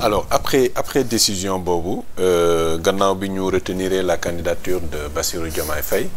alors après après décision boobu euh, gannaaw bi ñu retenir la candidature de Bassirou Diomaye Faye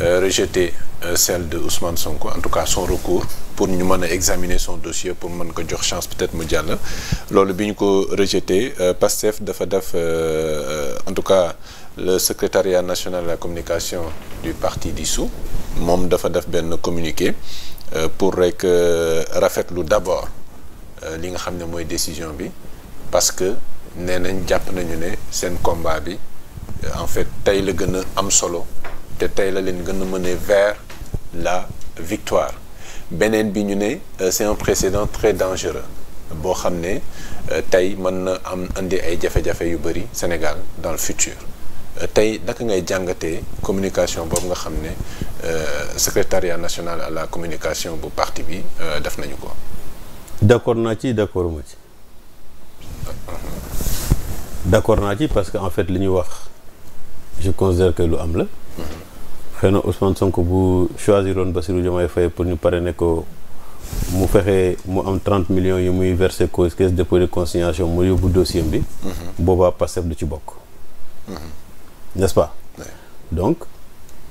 euh, rejeter euh, celle de Ousmane Sonko en tout cas son recours pour ñu mën a examiner son dossier pour mën ko jox chance peut-être mu jàll loolu bi ñu ko rejeter euh, Pastef dafa def euh, euh, en tout cas le secretariat national de la communication du parti dissous moom dafa def benn communiquer pour rek rafetlu d'abord li nga xam ne mooy décision bi parce que nee nañ jàpp nañu ne seen combat bi en fait tey la gën a am solo te tey la leen gën a mener vers la victoire beneen bi ñu ne euh, c'est un précédent très dangereux boo xam ne euh, tey mën na am indi ay jafe-jafe yu bëri Sénégal dans le futur euh, tey naka ngay jàngatee communication boobu nga xam ne secretariat national à la communication bu partie bi def nañu ko. d'accord naa ci d'accord ci. d'accord naa ci parce que en fait li ñuy wax je considère que lu am la. xëy na Ousmane Sonko bu choisiroon Bassirou Diomaye fay pour ñu parrainer ko mu fexee mu am 30 millions yi muy versé cause caisse dépôt de consignation mu yóbbu dossier bi. Mhm. boobaa Pastef du ci bokk. Mhm. n'est-ce pas. donc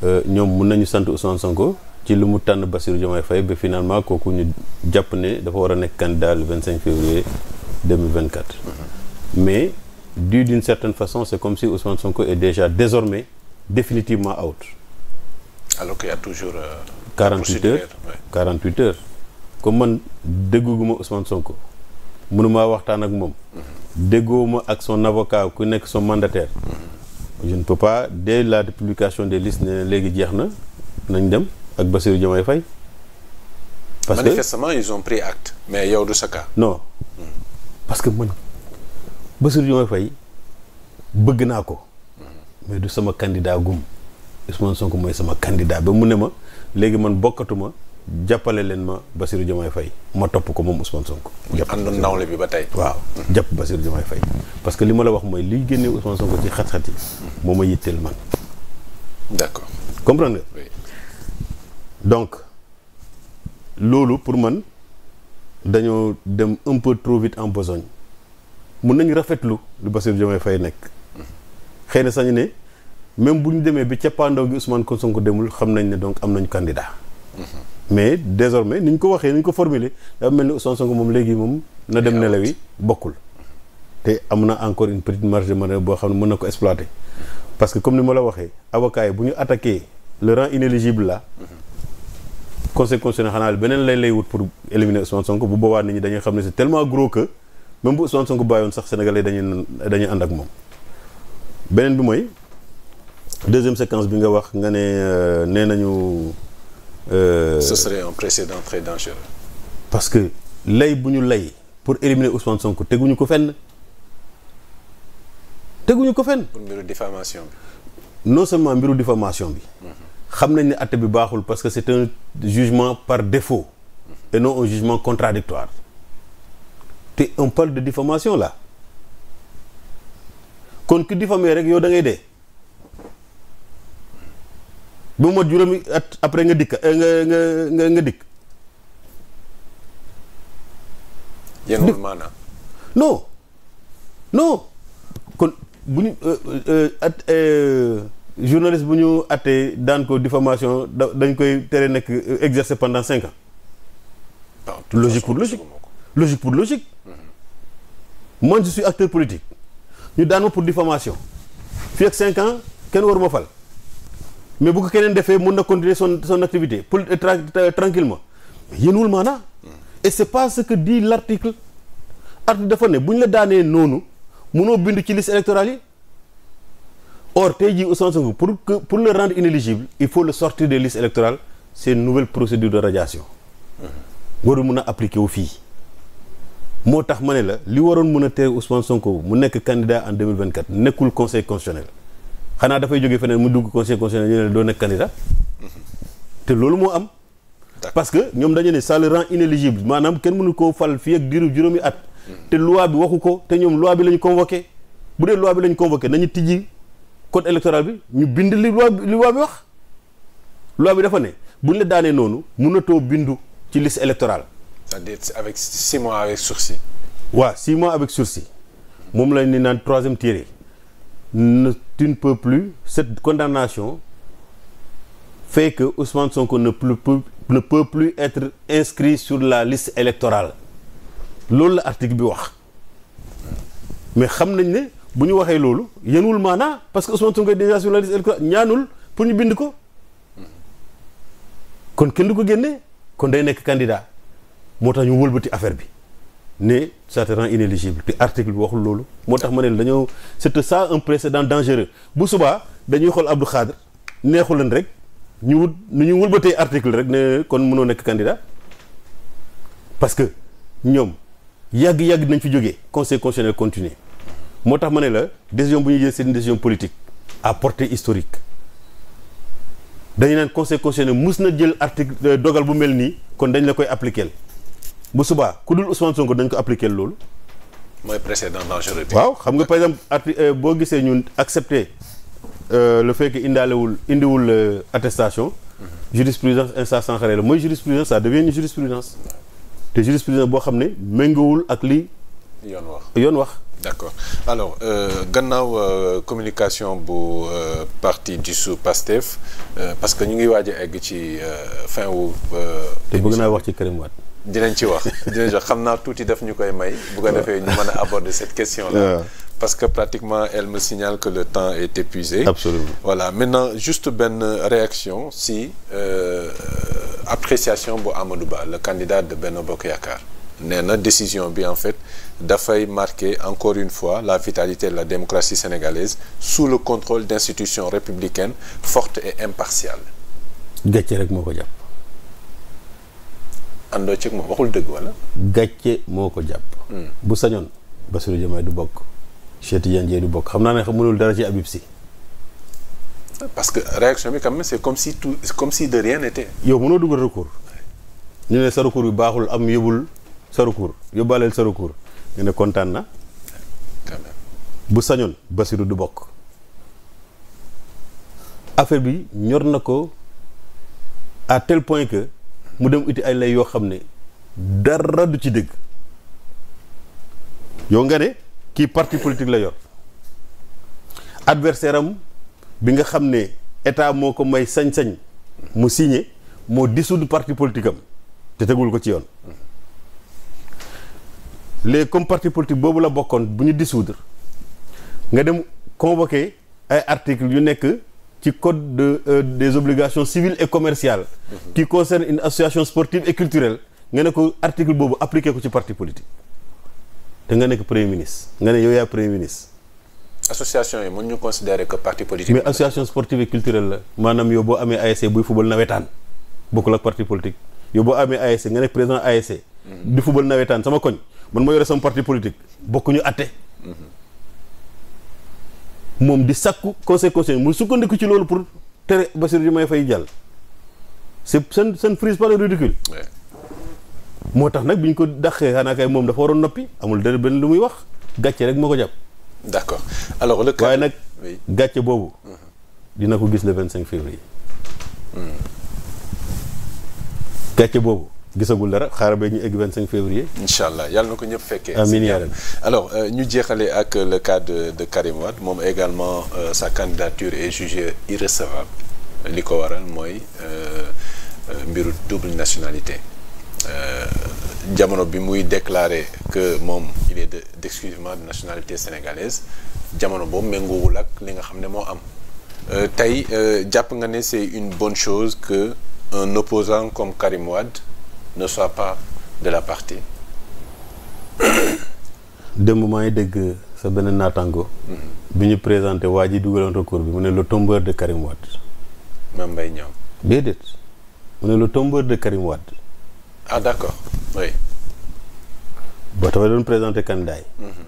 euh, ñoom mun nañu sant Ousmane Sonko ci lu mu tànn Bassirou Diomaye Faye ba finalement kooku ñu jàpp ne dafa war a nekk candidat le 25 février. 2024. mais du d'une certaine façon c'est comme si Ousmane Sonko est déjà désormais définitivement out. alors qu'il y a toujours. Euh, 48 heures ouais. 48 heures comme man dégguguma Ousmane Sonko mënumaa waxtaan ak moom. Mm-hmm. ma ak son avocat ku nekk son mandataire. Mm-hmm. je ne peux la publication des listes ne léegi jeex na nañ dem ak Bassirou Diomaye Faye. parce que manifestement ils ont pris acte mais yow du sa parce que man Bassirou Diomaye Faye bëgg naa ko mais du sama candidat gum Ousmane Sonko mooy sama kandidaa ba mu ne ma léegi man bokkatuma jàppale leen ma Bassirou Diomaye fay ma topp ko moom Ousmane Sonko. jàpp àndoon nawle bi ba tey. waaw jàpp Bassirou Diomaye Faye parce que li ma la wax mooy liy génnee Ousmane Sonko ci xat-xat yi. moo ma yitteel man. donc loolu pour man. dañoo dem un peu trop vite en besogne mun nañu rafetlu lu Bassirou Diomaye fay nekk xëy na sañu ne même bu ñu demee bi cappaandaw gi Ousmane Sonko demul xam nañ ne donc am nañu candidat mais désormais ni ñu ko waxee ni ñu ko formuler dafa mel ni Ousmane Sonko moom léegi moom na dem nelawi bokkul te am na encore une petite marge de manœuvre boo xam ne mën na ko exploiter parce que comme ni ma la waxee avocat bu ñu attaqué le rang inéligible la conseil constitutionnel xanaa beneen lay lay wut pour éliminer Ousmane Sonko bu boobaa nit ñi dañuy xam ne c'est tellement gros que même bu Ousmane Sonko bàyyoon sax sénégalais dañuy ànd ak moom. beneen bi mooy deuxième séquence bi nga wax nga ne euh, nee nañu. Euh, ce serait un précédent parce que lay bu ñu lay pour éliminer Ousmane Sonko teguñu ko fenn teguñu ko fenn. pour mbiru diffamation bi. non seulement mbiru diffamation bi. Mhm. xam nañ ne àtte bi baaxul parce que c'est un jugement par défaut et non un jugement contradictoire te on parle de diffamation là kon ki diffamé rek yow da ngay dee ba mot juróomi at après nga dikk eh, nga nga non non kon bu ñu euh, euh, euh, at. journaliste bu ñu attee daan ko diffamation da dañ koy tere nekk euh, exercer pendant cinq ans. waaw ah, logique pour logique. logique pour logique. man mm-hmm. je suis acteur politique. ñu daan ma pour diffamation fii ak cinq ans kenn war ma fal. mais bu ko keneen defee mun na continuer son son activité pour euh, tranquillement yéenul maanaa et c'est pas ce que di l'article article dafa ne bu ñu la daanee noonu mënoo bindu ci liste électorale yi or tey jii Ousmane Sonko pour que pour le rendre inéligible il faut le sortir des listes électorales c'est une nouvelle procédure de radiation warul mun a appliquer wu fii moo tax ma ne la li waroon mun a tere Ousmane Sonko mu nekk candidat en 2024 nekkul conseil constitutionnel xanaa dafay jógee feneen mu dugg conseil constitutionnel ñu ne la doo nekk candidat te loolu moo am parce que ñoom dañu ne ça le rend inéligible maanaam kenn mënu koo fal fii ak diiru juróomi at hmm. te loi bi waxu ko te ñoom loi bi la ñu convoqué bu dee loi bi la ñu convoqué nañu tijji code électoral bi ñu bind li loi li loi bi wax loi bi dafa ne buñ la daanee noonu mënatoo bindu ci liste électorale. c'est-à-dire avec mois avec sursis. waaw moom lañ ni naan troisième tiré ne tu ne peux plus cette condamnation fait que Ousmane Sonko ne peut plus ne peut être inscrit sur la liste électorale loolu la article bi wax mais xam nañ ne. bu ñu waxee loolu yenuwul maanaa parce que soo nga déjà sur la liste ñaanul pour ñu bind ko kon kenn du ko génne kon day nekk candidat moo tax ñu wëlbati affaire bi ne ça te rend inéligible te article bi waxul loolu moo tax ma ne dañoo c'est ça un précédent dangereux bu subaa dañuy xool Abdou Khadre neexu leen rek ñu wut nu ñu wëlbatee article rek ne kon mënoo nekk candidat parce que ñoom yàgg-yàgg nañ fi jógee conseil constitutionnel continuer moo tax ma ne la décision bu ñuy jël c'est une décision politique à portée historique dañu naan conseil ne mus na jël article euh, dogal bu mel nii kon dañu la koy appliquer bu subaa ku dul Ousmane Sonko dañ ko appliquer loolu. mooy précédent dangereux. waaw xam nga par exemple article euh, boo gisee ñun accepter euh, le fait que indaalewul indiwul attestation. Mhm. jurisprudence instance sànqare la mooy jurisprudence ça devient une jurisprudence te jurisprudence boo xam ne méngawul ak li yoon wax yoon wax. d'accord alors euh, gannaaw euh, communication bu euh, parti du sous Pastef euh, parce que ñu ngi waaj a egg ci euh, fin wu. te bëgg naa wax ci Karim Wade. dinañ ci wax dinañ wax xam naa tuuti daf ñu koy may. bu ko defee ñu mën a aborder cette question là. parce que pratiquement elle me signale que le temps est épuisé. absolument voilà maintenant juste benn réaction si appréciation bu Amadou Ba le candidat de benn Bokk Yaakaar. nee na décision bi en fait dafay marquer encore une fois la vitalité de la démocratie sénégalaise sous le contrôle d'institutions républicaines fortes et impartiales. gàcce rek moo ko jàpp. àndoo ci moom waxul dëgg wala. gàcce moo ko jàpp. Hmm. bu sañoon Bassirou Diomaye du bokk. Cheikh Tidiane Dièye du bokk xam naa ne mënul dara ci Habib Sy. parce que réaction bi quand même c'est comme si tout comme si de rien n'était. yow mënoo dugal recours. ñu ne sa recours bi baaxul am yóbbul. sa recours yóbbaaleel sa recours nga ne kontaan na bu sañoon Bassirou du bokk affaire bi ñor na ko à tel point que mu dem uti ay lay yoo xam ne dara du ci dégg yow nga ne kii parti politique la yor adversaire am bi nga xam ne état moo ko may sañ-sañ mu signé moo dissoudre parti politique am te tegul ko ci yoon léegi comme parti politique boobu la bokkoon bu ñu dissoudre nga dem convoqué ay articles yu nekk ci code de euh, des obligations civiles et commerciales mhm. qui concerne une association sportive et culturelle nga ne ko article boobu appliqué ko ci parti politique te nga nekk premier ministre nga ne yow yaa premier ministre association yi mën ñu considérer que parti politique. mais association sportive et culturelle la maanaam yow boo amee ASC buy football nawetaan bokkul ak parti politique yow boo amee ASC nga nekk président ASC. Mhm. di football nawetaan sama koñ man ma yore sama parti politique bokkuñu atte mhm. moom di sakku conseil conseil mu sukkandiku ci loolu pour tere Bassirou Diomaye Faye jàll. c' est seen seen frise par le ridicule. moo tax nag bi ñu ko dàqee xanaa kay moom dafa waroon noppi amul dara benn lu muy wax gàcce rek moo ko jàpp. d' accord alors waaye nag gàcce boobu. Mhm. dina ko gis le vingt cinq février. gàcce boobu gisagul dara xaaral ba ñu egg 25 février. incha allah yàlla na ko ñëpp fekkee. amiin yaa rabbi alors euh, ñu jeexale ak le cas de de moom également euh, sa candidature est jugée irrecevable li ko waral mooy euh, euh, mbiru double nationalité jamono bi muy déclarer que moom il est de exclusivement de nationalité sénégalaise jamono boobu méngoowul ak li nga xam ne moo am. tey jàpp nga ne c'est une bonne chose que. un opposant comme Karim Wade ne soit pas de la partie. démb maa ngi dégg sa beneen naataango. Mm-hmm. bi ñu présenter waa ji dugaloon recours bi mu ne le tombeur de Karim Wade. Mame Mbaye Niang. mu ne le de Karim Wade. ah d'accord oui. ba dafa doon présenté candidat mm-hmm.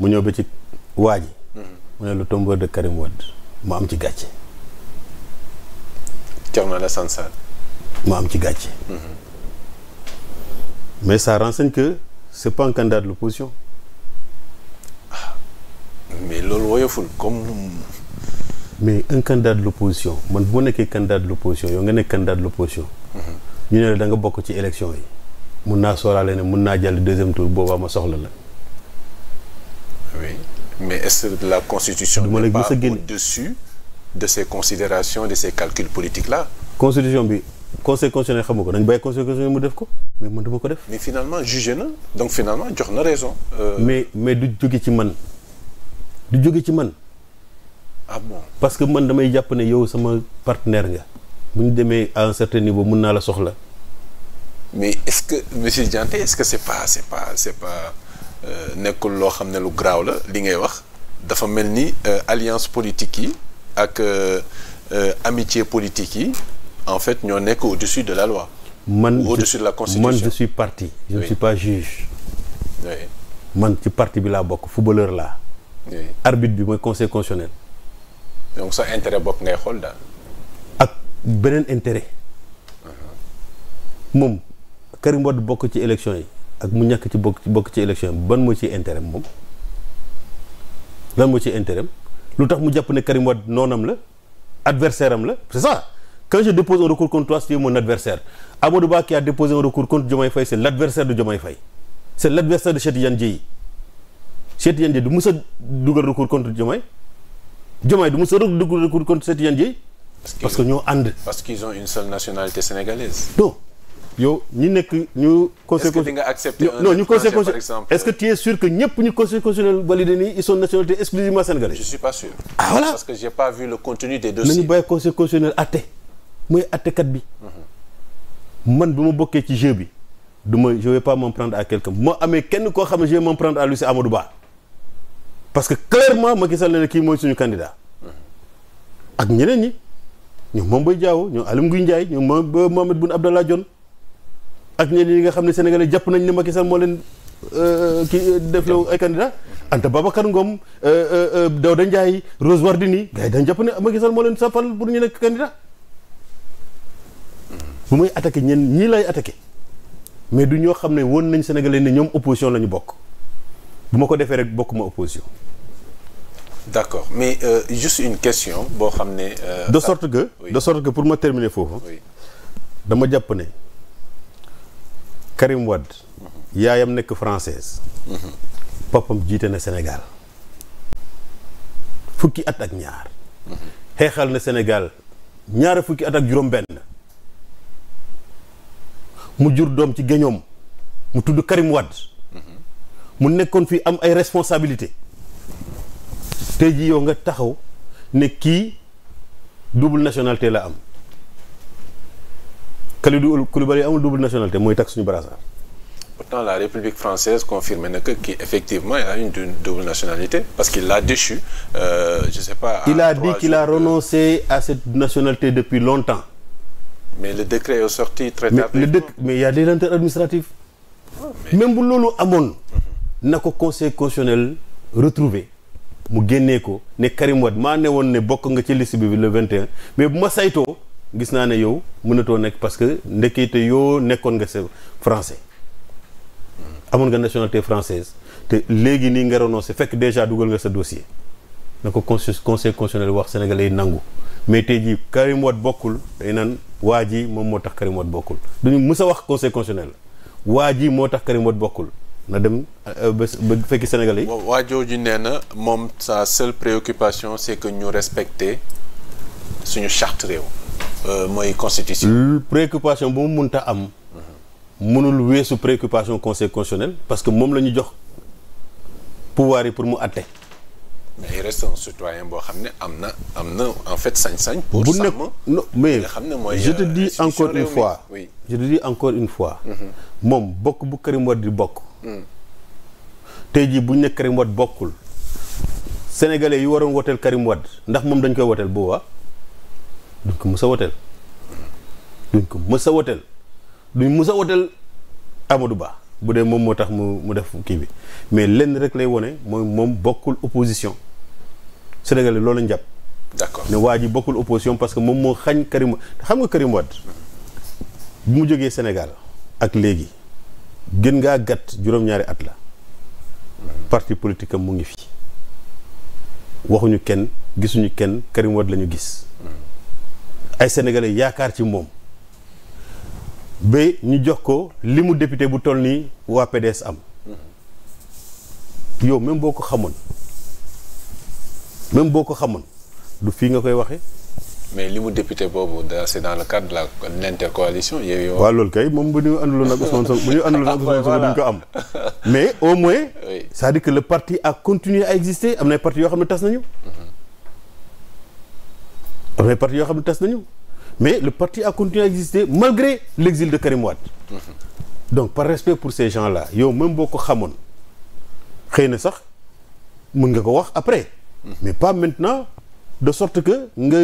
mu ñëw ba ci waa mm-hmm. mu ne le tombeur de Karim mu am ci gàcce. Thierno Alassane Sall. mu am ci gàcce. mais ça renseigne que c'est pas un candidat de l'opposition ah, mais loolu woyoful comme. mais un candidat de l'opposition man bu ma nekkee candidat de l'opposition yow nga nekk candidat de l'opposition mhm. ñu ne la da nga bokk ci élection yi mun naa sooraale ne mun naa jàll deuxième tour boobaa ma soxla la. oui mais est la constitution. du ma la gis a génn n'est pas au-dessus de ces considérations de ces calculs politiques là. constitution bi conseil constitutionnel xamu ko nañ bàyyi conseil constitutionnel mu def ko mais man dama ko def. mais finalement jugé na donc finalement jox na raison. Euh. mais mais du jóge ci man du jóge ci man. ah bon parce que man damay jàpp ne yow sama partenaire nga. bu ñu demee à un certain niveau mun naa la soxla. mais est-ce que monsieur Dianté est-ce que est pas c'est pas c'est pas euh, nekkul loo xam ne lu garaaw la li ngay wax dafa mel ni euh, alliance politique yi ak amitié politique yi. en fait ñoo nekk au-dessus de la loi. man ou au-dessus de la constitution man je suis parti. je ne oui. suis pas juge. man ci parti bi laa bokk footballeur laa. oui arbitre bi mooy conseil donc sa intérêt bokk ngay xool daal. ak beneen intérêt. Uh-huh. moom Karim bokk ci élection yi ak mu ñàkk ci bokk bokk ci élection yi ban moo ciy intérêt moom lan moo ci intérêt lu tax mu jàpp ne Karim Wade noonam la adversaire am la c'est ça. Quand je dépose un recours contre toi, tu es mon adversaire. Amadou Ba qui a déposé un recours contre Diomaye Faye, c'est l'adversaire de Diomaye Faye. C'est l'adversaire de Cheikh Tidiane Dièye. Cheikh Tidiane Dièye du mës a dugal recours contre Diomaye. Diomaye du mës a dugal recours contre Cheikh parce que ñoo ànd. parce qu'ils ont une seule nationalité sénégalaise. non yow ñi nekk ñu. conseil que di nga ñu conseil par est-ce que tu es que ñëpp ñu conseil constitutionnel validé nii ils sont nationalité exclusivement mooy attekat bi man bi ma bokkee ci jeu bi du ma je vais pas m'en prendre à quelqu'un moo amee kenn koo xam ne je vais m'en prendre à lui c'est Amadou Ba parce que clairement Macky Sall ne kii mooy suñu candidat ak ñeneen ñi ñoom moom Boy Diawo ñoom Aly Ngouille Ndiaye ñoom moom Mahammed Boun Abdallah Dionne ak ñeneen ñi nga xam ne sénégalais jàpp nañ ne Macky Sall moo leen euh, kii euh, def la ay candidat Anta Babacar Ngom euh, Daouda Ndiaye Rose Wardini gars yi dañ jàpp ne Macky Sall moo leen sappal pour ñu nekk candidat bu muy attaque ñenn ñii lay attaqué mais du ñoo xam ne woon nañ sénégalais ne ñoom opposition la ñu bokk bu ma ko defee rek bokkuma opposition. d'accord mais euh, juste une question boo xam ne. Euh, de sorte que ah, oui. de sorte que pour ma terminer foofu. dama jàpp ne Karim Wade. Mhm. yaayam nekk française. mm papam jiite na Sénégal fukki at ak ñaar. Mhm. xeexal na Sénégal ñaara fukki at ak juróom-benn. mu jur doom ci géñoom mu tudd Karim Wade mu nekkoon fi am ay responsabilité tey jii yow nga taxaw ne kii double nationalité la am Kalidou Koulibaly amul double nationalité mooy takk suñu brassard. pourtant la République française confirme na que kii effectivement il a une double parce qu'il l'a déchu euh, pas. il a dit qu'il a renoncé à cette nationalité depuis longtemps. mais le décret est sorti très tard. mais le décret mais il y a des lenteurs même bu loolu amoon. Mhm. na ko conseil constitutionnel retrouver mu génnee ko ne Karim maa ne woon ne bokk nga ci liste bi le 21 mais bu ma saytoo gis naa ne yow mënatoo nekk parce que ndekete yoo nekkoon nga sa français. Mhm. amoon nga nationalité française te léegi nii nga renoncé fekk déjà dugal nga sa dossier na ko conseil conseil constitutionnel wax sénégalais yi nangu. mais tey jii Karim bokkul day naan waa ji moom moo tax Karim Wade bokkul duñu mës a wax conseil constitutionnel waa ji moo tax Karim bokkul na dem euh, ba fekki Sénégalais yi. waa jooju nee na moom sa seule préoccupation c'est que ñu respecter suñu charte réew. Euh, mooy constitution. préoccupation bu mu mënta am. mënul weesu préoccupation conseil parce que moom la ñu jox pouvoir yi pour mu àtte. mais il boo xam ne am na am na en fait sañ-sañ. pour sàmm bu mais je te di euh, encore une fois. oui je te dis encore une fois. Mm-hmm. moom bokk bu Karim Wade di bokk. Mm. tey jii bu ñu ne Karim Wade bokkul. sénégalais yu waroon woteel Karim Wade ndax moom dañ koy woteel booba duñ ko mës a woteel. duñ ko mës a woteel duñ Ba. bu dee moom moo tax mu mu def kii bi mais lenn rek lay wone mooy moom bokkul opposition Sénégalais loolu lañ jàpp. d'accord ne waa ji bokkul opposition parce que moom moo xañ Karim xam nga Karim mu jógee senegal ak léegi gën ngaa gàtt juróom-ñaari at la parti politique am mu ngi fi waxuñu kenn gisuñu kenn Karim lañu gis ay sénégalais yaakaar ci moom ba ñu jox ko li mu député bu toll nii waa PDS am mm-hmm. yow même boo ko xamoon. même boo ko xamoon du fii nga koy waxee. mais li mu député boobu c'est dans le cadre de la de l'intercoalition. yooyu waaw loolu kay moom bu ñu àndaloon ak Ousmane Sonko bu ñu àndaloon ak ah, Ousmane Sonko duñ ko mais au moins. oui cest à parti a continué à exister am na parti yoo xam ne tas nañu. Mhm. am na yoo xam ne tas nañu mais le parti a continué à exister malgré l'exil de Karim mhm. par respect pour ces gens yow même boo ko xamoon na sax mën nga ko wax après. mais pas maintenant de sorte que nga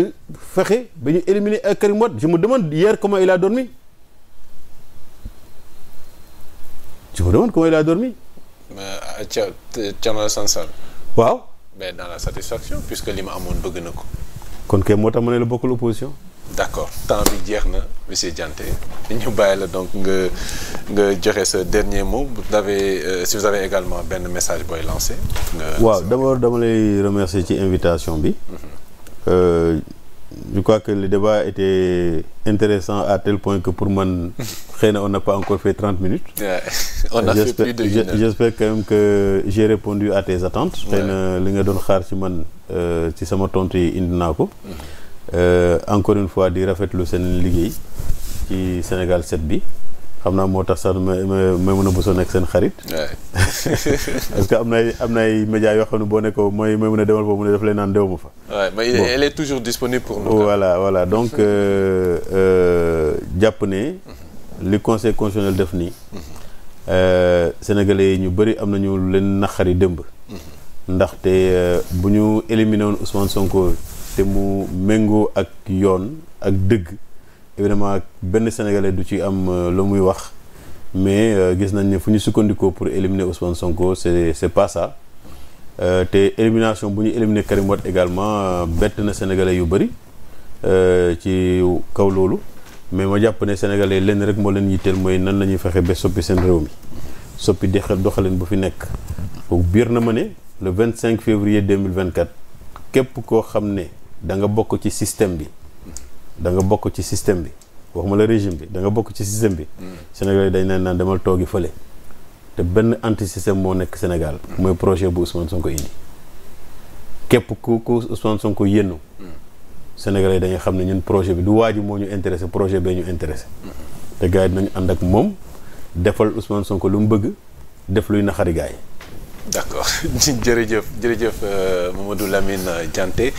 fexe ba ñu éliminer Karim Wade je me demande hier comment il a dormi je me demande comment il a dormi. ca euh, Thierno waaw. mais dans la satisfaction puisque li ma amoon bëgg na ko. kon kay moo tax ma ne la opposition. d' accord temps bi jeex na monsieur Dianté ñu bàyyi la donc nga. nga joxe sa dernier mot bu euh, si vous avez également benn message booy lancé. waaw d' abord dama lay remercier ci invitation bi. Mhm. Euh, je crois que le débat était intéressant à tel point que pour man xëy on n'a pas encore fait trente minutes. a fait plus de une heure j'espère quand même que j'ai répondu à tes attentes. xëy li nga doon xaar ci man euh, ci sama tontu yi indi naa ko. Mhm. encore une fois di rafetlu seen liggéey ci Sénégal 7 bi. xam naa moo tax sax ma ma mën a bësoo nekk seen xarit. parce que am na ay am na ay médias yoo xam ne boo nekkoo mooy may mën a demal foofu mu ne daf lay naan dew fa. waaw mais toujours disponible voilà voilà donc euh, euh, jàpp ne. li conseil constitutionnel def nii. Mhm. Euh, sénégalais yi ñu bëri am nañu leen naqari démb. Mhm. ndaxte bu ñu éliminé woon Ousmane Sonko te mu méngoo ak yoon ak dëgg. évidemment benn sénégalais du ci am euh, lu muy wax mais euh, gis nañ ne fu ñu sukkandikoo pour éliminer Ousmane Sonko c'est c'est pas euh, te élimination bu ñu éliminer Karim également bett na sénégalais yu bëri ci kaw loolu mais ma jàpp ne sénégalais lenn rek moo leen yitteel mooy nan la ñuy fexe ba soppi seen réew mi soppi dex doxalin bu fi nekk biir na ma ne le 25 février 2024 képp koo xam ne da nga bokk ci système bi da nga bokk ci système bi waxuma la régime bi da nga bokk ci système bi. Hmm. Sénégal yi dañ naan naa demal toogi fële. te benn anti système moo nekk Sénégal. Hmm. mooy projet bu Ousmane Sonko indi. képp ku ku Ousmane Sonko yénnu. Hmm. Sénégal yi dañuy xam ne ñun projet bi du waa ji moo ñu intéressé projet bee ñu intéressé. te gars yi ànd ak moom defal Ousmane Sonko lu mu bëgg def luy naxari gars yi. jërëjëf accord jërëjëf jërëjëf euh, Mamadou Lamine Dianté.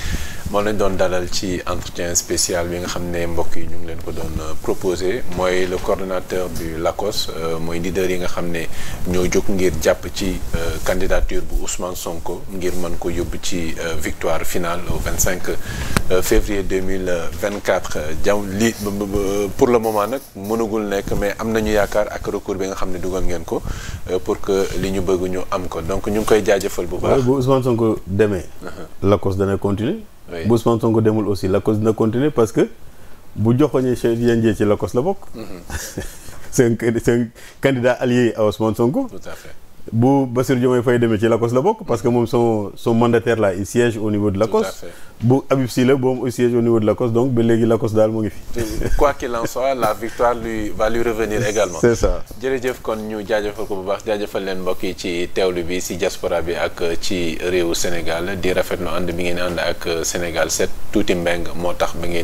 moo lañ doon dalal ci entretien spécial bi nga xam ne mbokk yi ñu ngi leen ko doon euh, proposé mooy le coordonnateur du LACOS euh, mooy leader yi nga xam ne ñoo jóg ngir jàpp ci euh, candidature bu Ousmane Sonko ngir mën ko yóbbu ci victoire finale au 25 février 2024 jam li pour le moment nag mënagul nekk mais am nañu yaakaar ak recours bi nga xam ne dugal ngeen ko pour que li ñu bëgg ñu am ko donc ñu ngi koy jaajëfal bu baax. bu Ousmane Sonko demee. Uh-huh. LACOS dana continuer. bu Ousmane demul aussi Lacoste dina continuer parce que bu joxoñee Cheikh Tidiane Dièye ci Lacoste la bokk. Mhm. c'est un candidat allié à Ousmane bu Bassirou Diomaye Faye demee ci Lacoste la bokk parce que moom so son mandataire là il siège au de Lacoste bu Habib Sy la boobu siège au niveau de Lacoste donc ba léegi Lacoste daal mu ngi fi quoi qu'il en la victoire lui va lui revenir également c'est ça jërëjëf kon ñu jaajafal ko bu baax jaajafal leen mbokk yi ci teewlu bi si diaspora bi ak ci réewu Sénégal di rafet nu ànd bi ngeen ànd ak Sénégal 7 tuuti mbeng moo tax ba ngeen